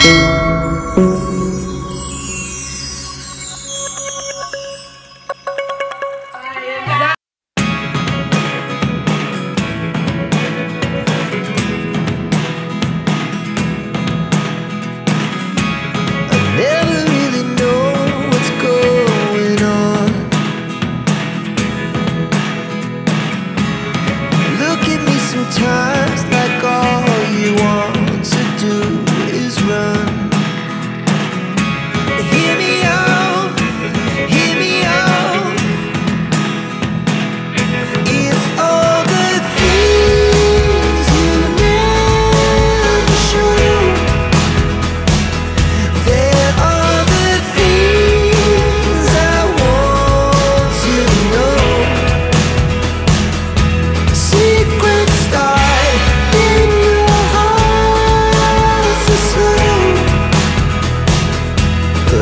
thank you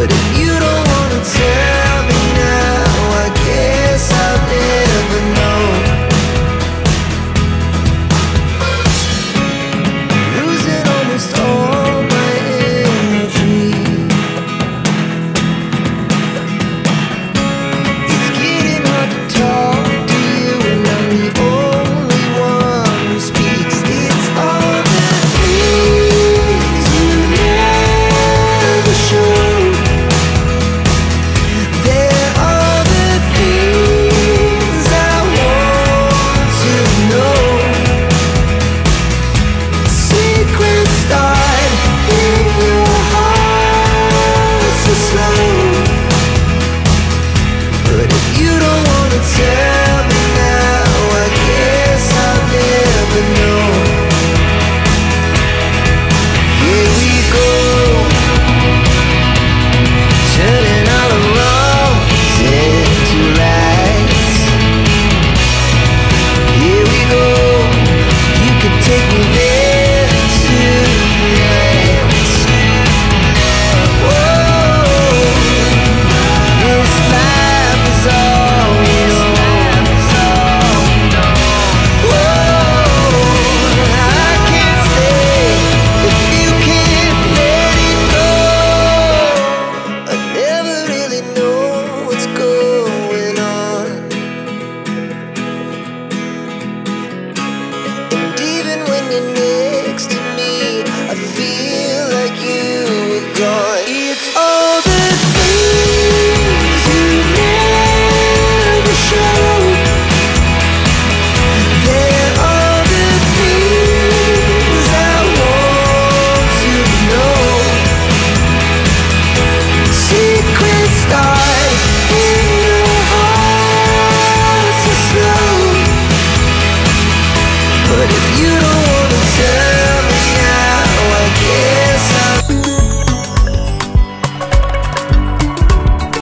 couldn't cielo.